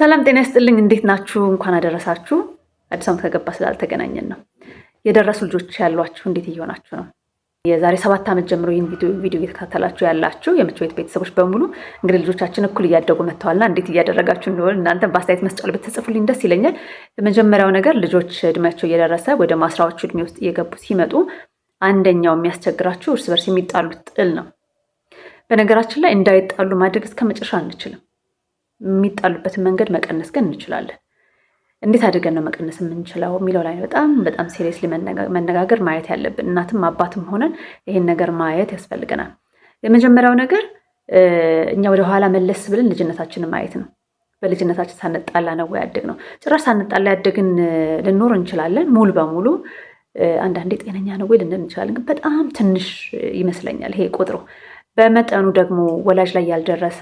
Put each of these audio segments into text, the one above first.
ሰላም ጤና ይስጥልኝ። እንዴት ናችሁ? እንኳን አደረሳችሁ። አዲስ ዓመት ከገባ ስላልተገናኘን ነው። የደረሱ ልጆች ያሏችሁ እንዴት እየሆናችሁ ነው? የዛሬ ሰባት ዓመት ጀምሮ ይህን ቪዲዮ እየተከታተላችሁ ያላችሁ የምች ቤት ቤተሰቦች በሙሉ እንግዲህ ልጆቻችን እኩል እያደጉ መጥተዋልና እንዴት እያደረጋችሁ እንደሆን እናንተ በአስተያየት መስጫ ብትጽፉልኝ ደስ ይለኛል። የመጀመሪያው ነገር ልጆች እድሜያቸው እየደረሰ ወደ ማስራዎቹ እድሜ ውስጥ እየገቡ ሲመጡ አንደኛው የሚያስቸግራችሁ እርስ በርስ የሚጣሉት ጥል ነው። በነገራችን ላይ እንዳይጣሉ ማድረግ እስከ መጨረሻ አንችልም። የሚጣሉበትን መንገድ መቀነስ ግን እንችላለን። እንዴት አድርገን ነው መቀነስ የምንችለው የሚለው ላይ በጣም በጣም ሲሪየስሊ መነጋገር ማየት ያለብን እናትም አባትም ሆነን ይሄን ነገር ማየት ያስፈልገናል። የመጀመሪያው ነገር እኛ ወደኋላ መለስ ብለን ልጅነታችንን ማየት ነው። በልጅነታችን ሳንጣላ ነው ያደግ ነው? ጭራሽ ሳንጣላ ያደግን ልኖር እንችላለን። ሙሉ በሙሉ አንዳንዴ ጤነኛ ነው ወይ ልንል እንችላለን። ግን በጣም ትንሽ ይመስለኛል ይሄ ቁጥሩ። በመጠኑ ደግሞ ወላጅ ላይ ያልደረሰ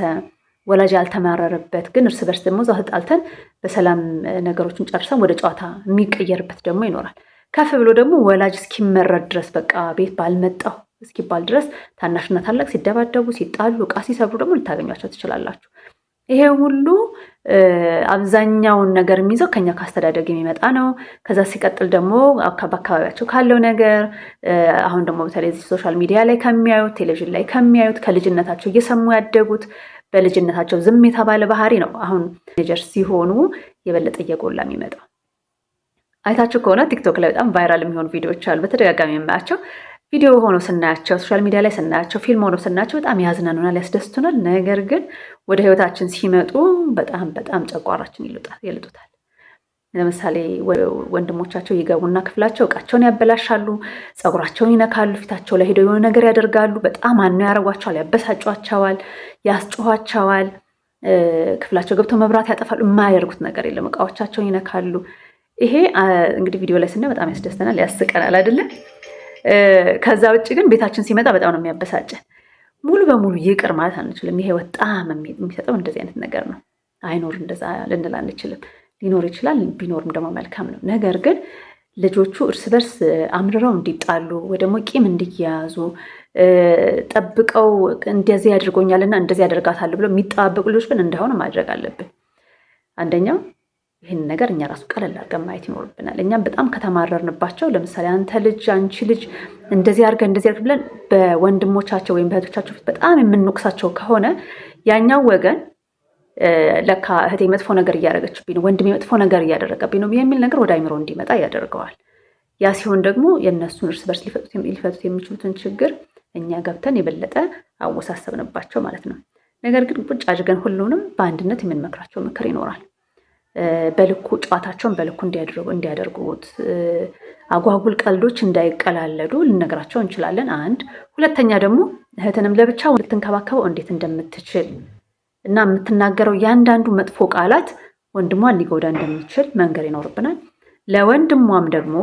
ወላጅ ያልተማረረበት ግን እርስ በርስ ደግሞ እዛ ተጣልተን በሰላም ነገሮችን ጨርሰን ወደ ጨዋታ የሚቀየርበት ደግሞ ይኖራል። ከፍ ብሎ ደግሞ ወላጅ እስኪመረድ ድረስ በቃ ቤት ባልመጣው እስኪባል ድረስ ታናሽና ታላቅ ሲደባደቡ፣ ሲጣሉ፣ እቃ ሲሰብሩ ደግሞ ልታገኟቸው ትችላላችሁ። ይሄ ሁሉ አብዛኛውን ነገር የሚይዘው ከኛ ከአስተዳደግ የሚመጣ ነው። ከዛ ሲቀጥል ደግሞ በአካባቢያቸው ካለው ነገር አሁን ደግሞ በተለይ ሶሻል ሚዲያ ላይ ከሚያዩት ቴሌቪዥን ላይ ከሚያዩት ከልጅነታቸው እየሰሙ ያደጉት በልጅነታቸው ዝም የተባለ ባህሪ ነው አሁን ቲኔጀር ሲሆኑ የበለጠ እየጎላ የሚመጣው። አይታችሁ ከሆነ ቲክቶክ ላይ በጣም ቫይራል የሚሆኑ ቪዲዮዎች አሉ። በተደጋጋሚ የማያቸው ቪዲዮ ሆኖ ስናያቸው፣ ሶሻል ሚዲያ ላይ ስናያቸው፣ ፊልም ሆኖ ስናያቸው በጣም ያዝናኑናል፣ ያስደስቱናል። ነገር ግን ወደ ህይወታችን ሲመጡ በጣም በጣም ጨቋራችን ይልጡታል። ለምሳሌ ወንድሞቻቸው ይገቡና ክፍላቸው እቃቸውን ያበላሻሉ፣ ፀጉራቸውን ይነካሉ፣ ፊታቸው ላይ ሄደው የሆነ ነገር ያደርጋሉ። በጣም አኖ ያደርጓቸዋል፣ ያበሳጫቸዋል፣ ያስጮኋቸዋል። ክፍላቸው ገብተው መብራት ያጠፋሉ። የማያደርጉት ነገር የለም። እቃዎቻቸውን ይነካሉ። ይሄ እንግዲህ ቪዲዮ ላይ ስናየው በጣም ያስደስተናል፣ ያስቀናል አይደለም? ከዛ ውጭ ግን ቤታችን ሲመጣ በጣም ነው የሚያበሳጨን። ሙሉ በሙሉ ይቅር ማለት አንችልም። ይሄ በጣም የሚሰጠው እንደዚህ አይነት ነገር ነው። አይኖር እንደዛ ልንል አንችልም። ሊኖር ይችላል። ቢኖርም ደግሞ መልካም ነው። ነገር ግን ልጆቹ እርስ በርስ አምርረው እንዲጣሉ ወይ ደግሞ ቂም እንዲያያዙ ጠብቀው እንደዚህ ያድርጎኛልና እንደዚህ ያደርጋታል ብሎ የሚጠባበቁ ልጆች ግን እንዳይሆን ማድረግ አለብን። አንደኛው ይህን ነገር እኛ ራሱ ቀለል አድርገን ማየት ይኖርብናል። እኛም በጣም ከተማረርንባቸው፣ ለምሳሌ አንተ ልጅ፣ አንቺ ልጅ እንደዚህ አድርገህ እንደዚህ አድርግ ብለን በወንድሞቻቸው ወይም በእህቶቻቸው ፊት በጣም የምንወቅሳቸው ከሆነ ያኛው ወገን ለካ እህቴ መጥፎ ነገር እያደረገችብኝ ነው፣ ወንድሜ መጥፎ ነገር እያደረገብኝ ነው የሚል ነገር ወደ አይምሮ እንዲመጣ ያደርገዋል። ያ ሲሆን ደግሞ የእነሱን እርስ በርስ ሊፈቱት የሚችሉትን ችግር እኛ ገብተን የበለጠ አወሳሰብንባቸው ማለት ነው። ነገር ግን ቁጭ አድርገን ሁሉንም በአንድነት የምንመክራቸው ምክር ይኖራል። በልኩ ጨዋታቸውን በልኩ እንዲያደርጉት፣ አጓጉል ቀልዶች እንዳይቀላለዱ ልነግራቸው እንችላለን። አንድ ሁለተኛ ደግሞ እህትንም ለብቻ ልትንከባከበው እንዴት እንደምትችል እና የምትናገረው እያንዳንዱ መጥፎ ቃላት ወንድሟን ሊጎዳ እንደሚችል መንገር ይኖርብናል። ለወንድሟም ደግሞ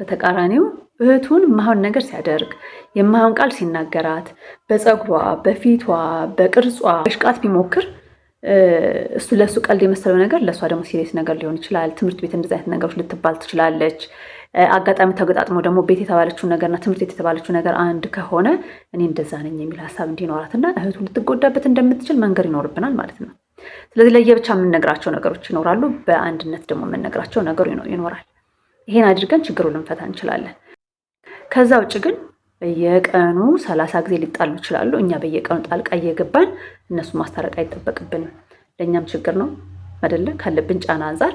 በተቃራኒው እህቱን የማይሆን ነገር ሲያደርግ የማይሆን ቃል ሲናገራት፣ በፀጉሯ፣ በፊቷ፣ በቅርጿ በሽቃት ቢሞክር እሱ ለእሱ ቀልድ የመሰለው ነገር ለእሷ ደግሞ ሲሬስ ነገር ሊሆን ይችላል። ትምህርት ቤት እንደዚህ አይነት ነገሮች ልትባል ትችላለች። አጋጣሚ ተገጣጥሞ ደግሞ ቤት የተባለችው ነገርና ትምህርት ቤት የተባለችው ነገር አንድ ከሆነ እኔ እንደዛ ነኝ የሚል ሀሳብ እንዲኖራትና እህቱ ልትጎዳበት እንደምትችል መንገር ይኖርብናል ማለት ነው። ስለዚህ ለየብቻ የምንነግራቸው ነገሮች ይኖራሉ፣ በአንድነት ደግሞ የምንነግራቸው ነገሩ ይኖራል። ይሄን አድርገን ችግሩ ልንፈታ እንችላለን። ከዛ ውጭ ግን በየቀኑ ሰላሳ ጊዜ ሊጣሉ ይችላሉ። እኛ በየቀኑ ጣልቃ እየገባን እነሱ ማስታረቅ አይጠበቅብንም። ለእኛም ችግር ነው አይደለ? ካለብን ጫና አንጻር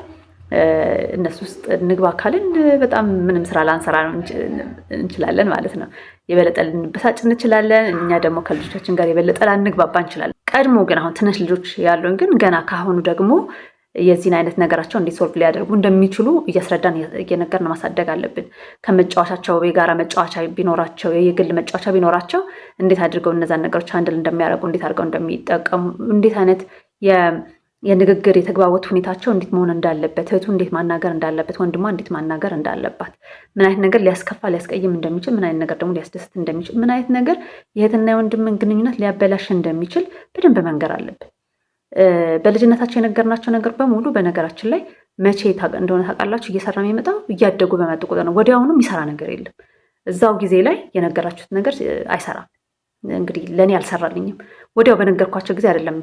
እነሱ ውስጥ ንግባ ካልን በጣም ምንም ስራ ላንሰራ እንችላለን ማለት ነው። የበለጠ ልንበሳጭ እንችላለን። እኛ ደግሞ ከልጆቻችን ጋር የበለጠ ላንግባባ እንችላለን። ቀድሞ ግን አሁን ትንሽ ልጆች ያሉን ግን ገና ካሁኑ ደግሞ የዚህን አይነት ነገራቸው እንዴት ሶልቭ ሊያደርጉ እንደሚችሉ እያስረዳን እየነገርን ማሳደግ አለብን። ከመጫወቻቸው የጋራ መጫወቻ ቢኖራቸው፣ የግል መጫወቻ ቢኖራቸው እንዴት አድርገው እነዛን ነገሮች አንድል እንደሚያደርጉ እንዴት አድርገው እንደሚጠቀሙ እንዴት አይነት የንግግር የተግባቦት ሁኔታቸው እንዴት መሆን እንዳለበት፣ እህቱ እንዴት ማናገር እንዳለበት፣ ወንድሟ እንዴት ማናገር እንዳለባት፣ ምን አይነት ነገር ሊያስከፋ ሊያስቀይም እንደሚችል፣ ምን አይነት ነገር ደግሞ ሊያስደስት እንደሚችል፣ ምን አይነት ነገር የእህትና የወንድምን ግንኙነት ሊያበላሽ እንደሚችል በደንብ መንገር አለብን። በልጅነታቸው የነገርናቸው ነገር በሙሉ በነገራችን ላይ መቼ እንደሆነ ታውቃላችሁ፣ እየሰራ የሚመጣው እያደጉ በመጡ ቁጥር ነው። ወዲያውኑም ይሰራ ነገር የለም። እዛው ጊዜ ላይ የነገራችሁት ነገር አይሰራም። እንግዲህ ለእኔ አልሰራልኝም። ወዲያው በነገርኳቸው ጊዜ አይደለም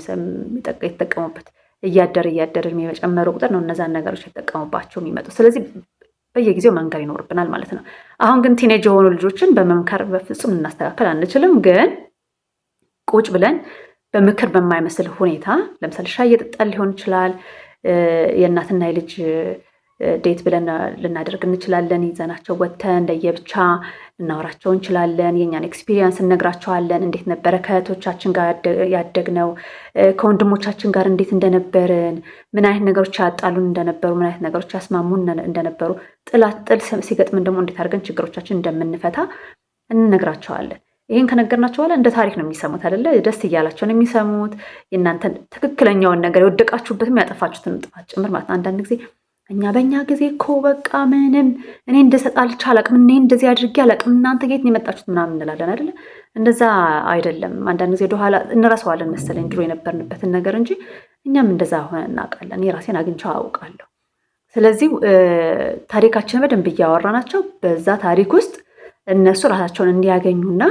የተጠቀሙበት እያደር እያደር እድሜ በጨመረ ቁጥር ነው እነዛን ነገሮች ተጠቀሙባቸው የሚመጡ። ስለዚህ በየጊዜው መንገር ይኖርብናል ማለት ነው። አሁን ግን ቲኔጅ የሆኑ ልጆችን በመምከር በፍጹም ልናስተካከል አንችልም። ግን ቁጭ ብለን በምክር በማይመስል ሁኔታ ለምሳሌ ሻይ እየጠጣን ሊሆን ይችላል። የእናትና የልጅ ዴት ብለን ልናደርግ እንችላለን። ይዘናቸው ወጥተን ለየብቻ ልናወራቸው እንችላለን። የእኛን ኤክስፒሪየንስ እነግራቸዋለን። እንዴት ነበረ ከእህቶቻችን ጋር ያደግነው፣ ከወንድሞቻችን ጋር እንዴት እንደነበርን፣ ምን አይነት ነገሮች ያጣሉን እንደነበሩ፣ ምን አይነት ነገሮች ያስማሙን እንደነበሩ፣ ጥላጥል ሲገጥምን ደግሞ እንዴት አድርገን ችግሮቻችን እንደምንፈታ እንነግራቸዋለን። ይህን ከነገርናቸው በኋላ እንደ ታሪክ ነው የሚሰሙት አይደለ? ደስ እያላቸው ነው የሚሰሙት የእናንተን ትክክለኛውን ነገር የወደቃችሁበትም ያጠፋችሁትን ጥፋት ጭምር ማለት አንዳንድ ጊዜ እኛ በእኛ ጊዜ እኮ በቃ ምንም እኔ እንደሰጥ አልቻለቅም፣ እኔ እንደዚህ አድርጌ አላቅም፣ እናንተ ጌት የመጣችሁት ምናምን እንላለን አይደለ? እንደዛ አይደለም። አንዳንድ ጊዜ ወደኋላ እንረሰዋለን መሰለኝ ድሮ የነበርንበትን ነገር እንጂ እኛም እንደዛ ሆነ እናውቃለን። የራሴን አግኝቻ አውቃለሁ። ስለዚህ ታሪካችን በደንብ እያወራ ናቸው። በዛ ታሪክ ውስጥ እነሱ ራሳቸውን እንዲያገኙና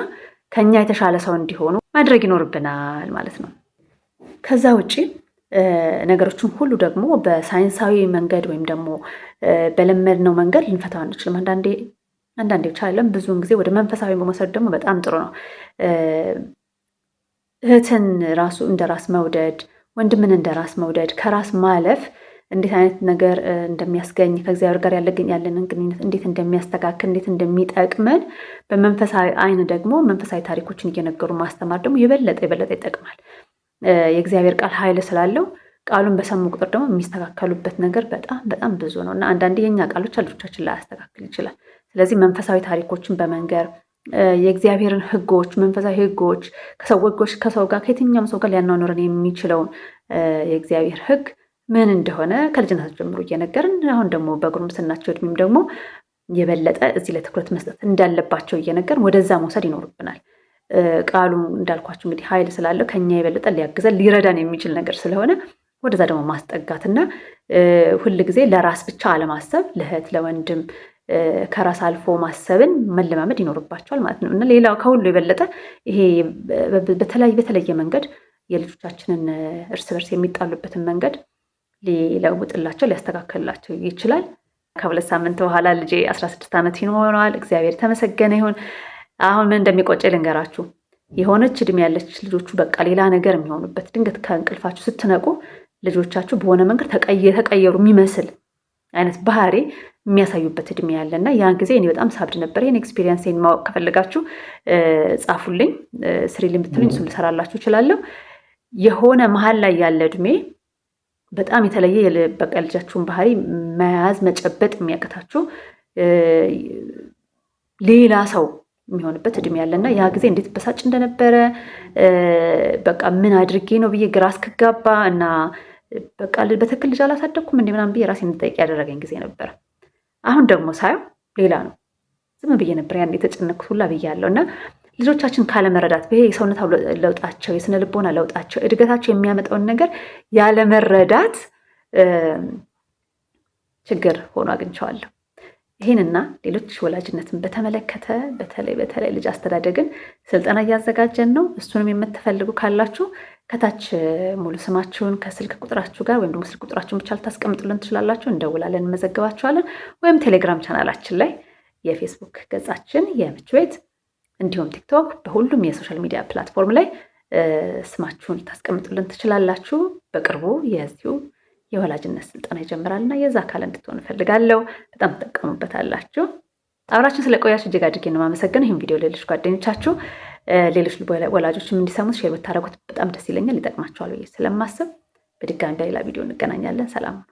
ከኛ የተሻለ ሰው እንዲሆኑ ማድረግ ይኖርብናል ማለት ነው። ከዛ ውጪ ነገሮችን ሁሉ ደግሞ በሳይንሳዊ መንገድ ወይም ደግሞ በለመድነው መንገድ ልንፈታው አንችልም። አንዳንዴ አንዳንዴ ብቻ አይደለም፣ ብዙውን ጊዜ ወደ መንፈሳዊ በመውሰድ ደግሞ በጣም ጥሩ ነው። እህትን ራሱ እንደ ራስ መውደድ፣ ወንድምን እንደ ራስ መውደድ፣ ከራስ ማለፍ እንዴት አይነት ነገር እንደሚያስገኝ ከእግዚአብሔር ጋር ያለንን ግንኙነት እንዴት እንደሚያስተካክል እንዴት እንደሚጠቅመን በመንፈሳዊ አይን ደግሞ መንፈሳዊ ታሪኮችን እየነገሩ ማስተማር ደግሞ የበለጠ የበለጠ ይጠቅማል። የእግዚአብሔር ቃል ኃይል ስላለው ቃሉን በሰሙ ቁጥር ደግሞ የሚስተካከሉበት ነገር በጣም በጣም ብዙ ነው እና አንዳንዴ የኛ ቃሎች ልጆቻችን ላያስተካክል ይችላል። ስለዚህ መንፈሳዊ ታሪኮችን በመንገር የእግዚአብሔርን ሕጎች መንፈሳዊ ሕጎች ከሰዎች ከሰው ጋር ከየትኛውም ሰው ጋር ሊያናኖረን የሚችለውን የእግዚአብሔር ሕግ ምን እንደሆነ ከልጅነት ጀምሮ እየነገርን አሁን ደግሞ በጉርምስናቸው እድሜም ደግሞ የበለጠ እዚህ ለትኩረት መስጠት እንዳለባቸው እየነገርን ወደዛ መውሰድ ይኖርብናል። ቃሉ እንዳልኳቸው እንግዲህ ኃይል ስላለው ከኛ የበለጠ ሊያግዘን ሊረዳን የሚችል ነገር ስለሆነ ወደዛ ደግሞ ማስጠጋትና ጊዜ ለራስ ብቻ አለማሰብ ለእህት ለወንድም ከራስ አልፎ ማሰብን መለማመድ ይኖርባቸዋል ማለት ነው እና ሌላው ከሁሉ የበለጠ ይሄ በተለያየ በተለየ መንገድ የልጆቻችንን እርስ በርስ የሚጣሉበትን መንገድ ሊለውጥላቸው ሊያስተካከልላቸው ይችላል። ከሁለት ሳምንት በኋላ ልጄ አስራ ስድስት ዓመት ይሆነዋል። እግዚአብሔር የተመሰገነ ይሁን። አሁን ምን እንደሚቆጨ ልንገራችሁ። የሆነች እድሜ ያለች ልጆቹ በቃ ሌላ ነገር የሚሆኑበት ድንገት ከእንቅልፋችሁ ስትነቁ ልጆቻችሁ በሆነ መንገድ ተቀየሩ የሚመስል አይነት ባህሪ የሚያሳዩበት እድሜ ያለ እና ያን ጊዜ እኔ በጣም ሳብድ ነበር። ይህን ኤክስፔሪንስ ማወቅ ከፈለጋችሁ ጻፉልኝ፣ ስሪ ብትሉኝ እሱም ልሰራላችሁ እችላለሁ። የሆነ መሀል ላይ ያለ እድሜ በጣም የተለየ በቃ ልጃችሁን ባህሪ መያዝ መጨበጥ የሚያቅታችሁ ሌላ ሰው የሚሆንበት እድሜ ያለና ያ ጊዜ እንዴት በሳጭ እንደነበረ በቃ ምን አድርጌ ነው ብዬ ግራ እስክጋባ እና በቃ በትክክል ልጅ አላሳደግኩም እንዲ ምናምን ብዬ ራሴ እንድጠይቅ ያደረገኝ ጊዜ ነበር አሁን ደግሞ ሳየው ሌላ ነው። ዝም ብዬ ነበር ያን የተጨነቅኩት ሁላ ብዬ ያለው እና ልጆቻችን ካለመረዳት ይሄ የሰውነት ለውጣቸው፣ የስነ ልቦና ለውጣቸው፣ እድገታቸው የሚያመጣውን ነገር ያለመረዳት ችግር ሆኖ አግኝቸዋለሁ። ይህንና ሌሎች ወላጅነትን በተመለከተ በተለይ በተለይ ልጅ አስተዳደግን ስልጠና እያዘጋጀን ነው። እሱንም የምትፈልጉ ካላችሁ ከታች ሙሉ ስማችሁን ከስልክ ቁጥራችሁ ጋር ወይም ደግሞ ስልክ ቁጥራችሁን ብቻ ልታስቀምጡልን ትችላላችሁ። እንደውላለን፣ እንመዘግባችኋለን። ወይም ቴሌግራም ቻናላችን ላይ የፌስቡክ ገጻችን የምች ቤት እንዲሁም ቲክቶክ፣ በሁሉም የሶሻል ሚዲያ ፕላትፎርም ላይ ስማችሁን ልታስቀምጡልን ትችላላችሁ። በቅርቡ የዚሁ የወላጅነት ስልጠና ይጀምራል እና የዛ አካል እንድትሆን እፈልጋለሁ። በጣም ትጠቀሙበታላችሁ። አብራችን ስለ ቆያችሁ እጅግ አድርጌ ነው የማመሰግነው። ይህም ቪዲዮ ሌሎች ጓደኞቻችሁ፣ ሌሎች ወላጆችም እንዲሰሙት ሼር ብታደረጉት በጣም ደስ ይለኛል። ይጠቅማቸዋል ብዬ ስለማስብ በድጋሚ በሌላ ቪዲዮ እንገናኛለን። ሰላም ነው።